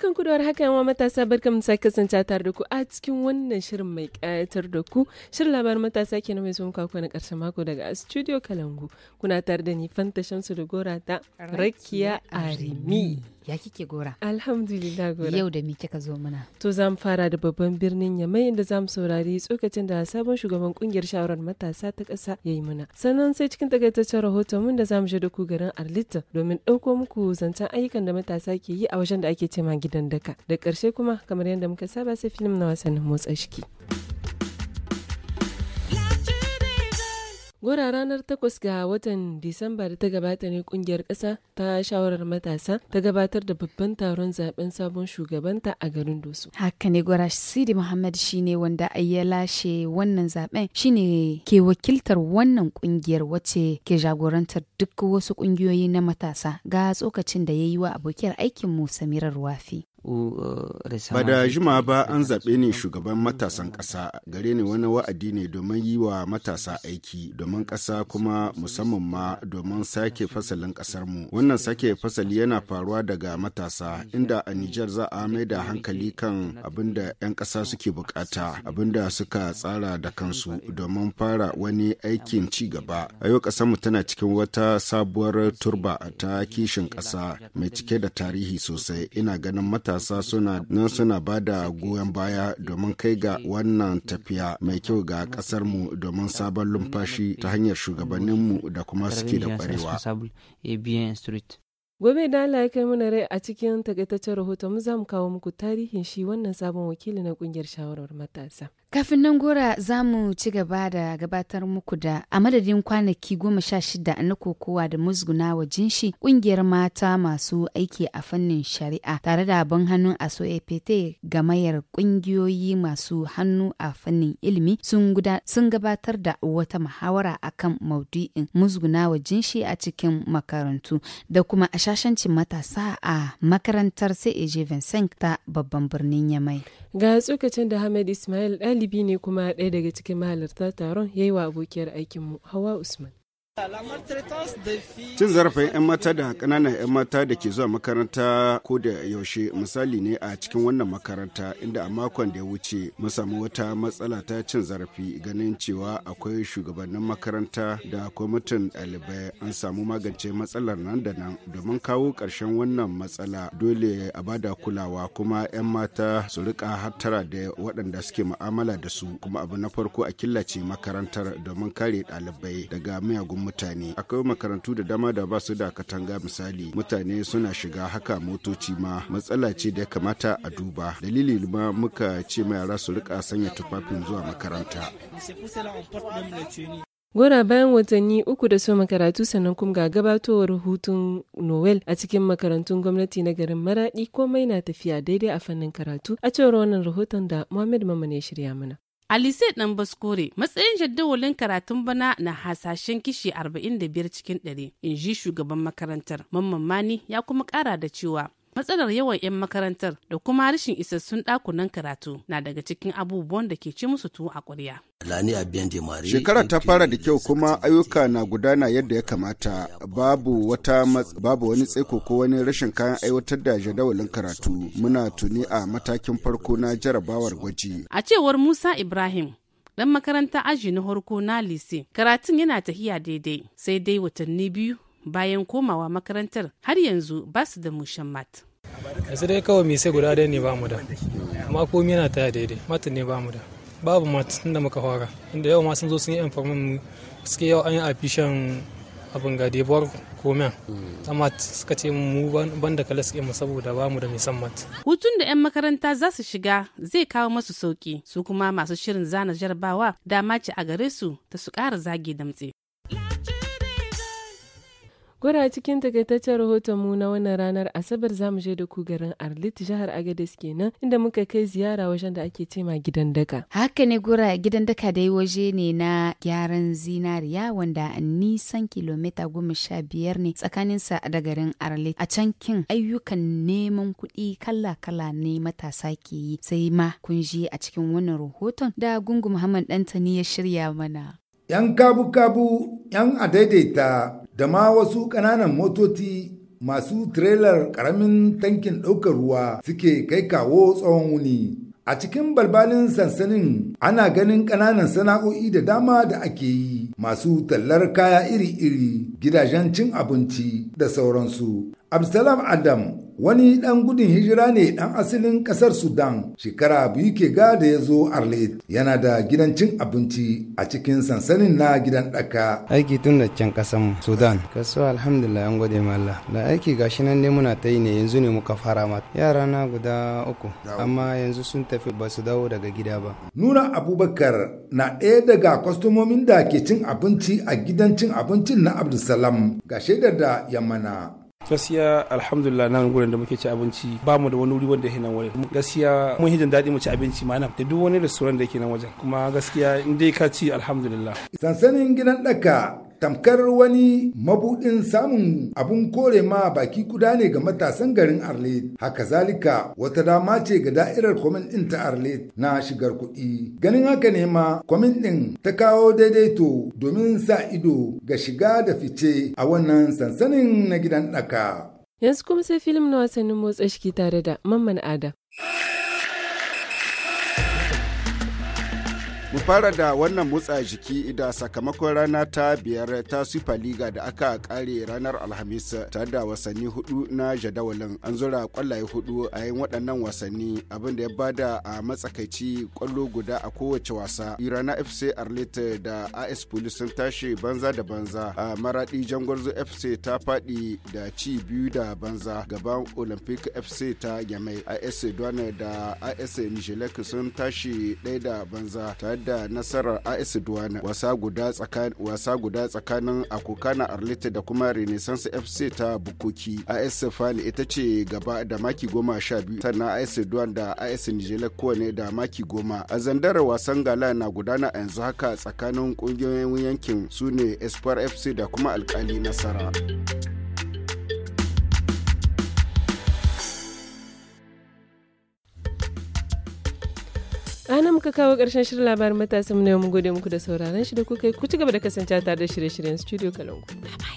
barkan ku da war haka yawa matasa barkan mu sake kasance tare da ku a cikin wannan shirin mai kayatar da ku shirin labarin matasa ke na mai zuwa muku na karshen mako daga studio kalangu kuna tare da ni fanta shamsu da gora ta rakiya arimi. ya kike gora alhamdulillah gora yau da me kika zo mana to za mu fara da babban birnin yamai inda za mu saurari tsokacin da sabon shugaban kungiyar shawarar matasa ta ƙasa ya yi mana sannan sai cikin takaitaccen rahoton mun da za mu je da ku garin arlita domin ɗauko muku zancen ayyukan da matasa ke yi a wajen da ake cema gidan daka da ƙarshe kuma kamar yadda muka saba sai filim na wasannin motsa shiki. Gora ranar takwas ga watan Disamba da ta gabata ne kungiyar ƙasa ta shawarar matasa ta gabatar da babban taron zaben sabon shugabanta a garin dusu. Haka ne Gora Sidi Muhammad shine wanda ya lashe wannan zaben shine ke wakiltar wannan kungiyar wace ke jagorantar duk wasu kungiyoyi na matasa ga tsokacin da ya yi wa abokiyar aikin mu Samira Ruwafi. Uh, ba da jima ba an zaɓe ni shugaban matasan ƙasa gare ni wani wa'adi ne domin yi wa matasa aiki domin ƙasa kuma musamman ma domin sake fasalin ƙasarmu. Wannan sake fasali yana faruwa daga matasa inda a Nijar za a mai da hankali kan abin 'yan ƙasa suke bukata abin suka tsara da kansu domin fara wani aikin ci gaba. A yau ƙasarmu tana cikin wata sabuwar turba ta kishin ƙasa mai cike da tarihi sosai ina ganin matasa matasa suna nan suna ba da goyon baya domin kai ga wannan tafiya mai kyau ga ƙasarmu domin sabon lumfashi ta hanyar shugabanninmu da kuma suke da ƙwarewa. Gobe da Allah ya kai mana rai a cikin takaitaccen rahoton mu za mu kawo muku tarihin shi wannan sabon wakili na kungiyar shawarar matasa. Kafin nan gora za mu ci gaba da gabatar muku da a madadin kwanaki goma sha shida na kokowa da musguna wa jinshi ƙungiyar mata masu aiki a fannin shari'a tare da abin hannun aso ga gamayar ƙungiyoyi masu hannu a fannin ilimi sun gabatar da wata muhawara akan maudu'in musguna wa jinshi a cikin makarantu da kuma a matasa a makarantar sai ta babban birnin Yamai. Ga tsokacin da Hamad Ismail dalibi ne kuma ɗaya daga cikin mahalarta taron ya yi wa abokiyar aikinmu hawa Usman. Cin zarafin 'yan mata da ƙananan 'yan mata da ke zuwa makaranta ko da yaushe misali ne a cikin wannan makaranta inda a makon da ya wuce mun samu wata matsala ta cin zarafi ganin cewa akwai shugabannin makaranta da kwamitin ɗalibai an samu magance matsalar nan da nan domin kawo karshen wannan matsala dole a bada kulawa kuma 'yan mata su rika hattara da waɗanda suke mu'amala da su kuma abu na farko a killace makarantar domin kare ɗalibai daga miyagun mutane akwai makarantu da dama da basu da katanga misali mutane suna shiga haka motoci ma matsala ce da ya kamata a duba dalili ma muka ce ma yara su rika sanya tufafin zuwa makaranta Gora bayan watanni uku da so makaratu sannan kuma ga gabatowar hutun Noel a cikin makarantun gwamnati na garin Maradi komai na tafiya daidai a fannin karatu a cewar wannan rahoton da mohammed Mamman ya shirya mana. Alise ɗan Baskore matsayin jadawalin karatun bana na hasashen kishi 45 cikin ɗari, in ji shugaban makarantar. Mamman Mani ya kuma ƙara da cewa matsalar yawan 'yan makarantar da kuma rashin isassun ɗakunan karatu na daga cikin abubuwan da ke ci musu tuwo a ƙwarya. shekara ta fara da kyau kuma ayyuka na gudana yadda ya kamata babu wata babu wani tsaiko ko wani rashin kayan aiwatar da jadawalin karatu muna tuni a matakin farko na jarabawar gwaji. A cewar Musa Ibrahim ɗan makaranta aji na harko na lise karatun yana tahiya daidai sai dai watanni biyu bayan komawa makarantar har yanzu ba su da mat. sai dai kawai sai guda ɗaya ne ba mu da amma komi yana taya daidai matin ne ba mu da babu matin da muka fara inda yau ma sun zo sun yi informin mu suke yau an yi afishan abin ga debuwar komen amma suka ce mu ban da kala suke mu saboda ba mu da mat. hutun da 'yan makaranta za su shiga zai kawo masu sauki su kuma masu shirin zana jarabawa dama ce a gare su ta su kara zage damtse Gwada cikin takaitaccen rahoton mu na wannan ranar Asabar za mu je da ku garin Arlit jihar Agadez kenan inda muka kai ziyara wajen da ake cema gidan daka. Haka ne gura gidan daka dai waje ne na gyaran zinariya wanda nisan kilomita goma sha biyar ne tsakaninsa da garin Arlit. A can kin ayyukan neman kuɗi kala-kala ne matasa ke yi sai ma kun je a cikin wannan rahoton da Gungu Muhammad Dantani ya shirya mana. 'Yan kabu-kabu, 'yan adaidaita da ma wasu ƙananan motoci masu tirelar ƙaramin tankin ɗaukar ruwa suke kai kawo tsawon wuni. A cikin balbalin sansanin ana ganin ƙananan sana'o'i da dama da ake yi masu tallar kaya iri-iri, gidajen cin abinci da sauransu. Absalam Adam wani ɗan gudun hijira ne ɗan asalin ƙasar Sudan shekara biyu ke gada ya zo Arlet yana da gidan cin abinci a cikin sansanin na gidan ɗaka. Aiki tun da can ƙasan Sudan. Kaso alhamdulillah an gode Allah. Da aiki gashi nan ne muna ta yi ne yanzu ne muka fara mata. Yara na guda uku amma yanzu sun tafi ba su dawo daga gida ba. Nuna Abubakar na ɗaya daga kwastomomin da ke cin abinci a gidan cin abincin na Abdulsalam ga shaidar da ya mana. gaskiya alhamdulillah nan gurin da muke ci abinci ba mu da wani wuri wanda yake nan wurin gaskiya mun hijin daɗi mu ci abinci ma da duk wani restaurant da ke nan wajen kuma gaskiya in dai ka ci alhamdulillah sansanin gidan ɗaka tamkar wani mabuɗin samun abun kore ma baki kuda ne ga matasan garin Arlet. Haka zalika wata dama ce ga da'irar kwamin ɗin ta Arlet na shigar kuɗi. Ganin haka ne ma kwamin ɗin ta kawo daidaito domin sa ido ga shiga da fice a wannan sansanin na gidan ɗaka. Yanzu kuma sai filim na wasannin motsa shiki tare da Mamman Adam. Mu fara da wannan motsa jiki da sakamakon rana ta biyar ta Super Liga da aka kare ranar Alhamis ta da wasanni hudu na jadawalin. An zura kwallaye hudu a yin waɗannan wasanni abin da ya bada a matsakaici kwallo guda a kowace wasa. Irana FC Arlette da AS Police sun tashi banza da banza a maradi Jangwarzo FC ta faɗi da ci biyu da banza gaban Olympic FC ta Yamai. AS Duane da AS sun tashi ɗaya da banza da nasarar AS Duwana wasa guda tsakanin wasa guda tsakanin Akokana Arlita da kuma Renaissance FC ta Bukoki. AS Fani ita ce gaba da maki goma sha biyu sannan AS Duwana da AS Nijela kowane da maki goma. A zandara wasan gala na gudana a yanzu haka tsakanin kungiyoyin yankin su ne Espoir FC da kuma alkali nasara. ana muka kawo karshen shirin labarin matasa mu na yau mu gode muku da sauraron shi da kuka yi ku ci gaba da kasancewa tare da shirye-shiryen studio kalangu.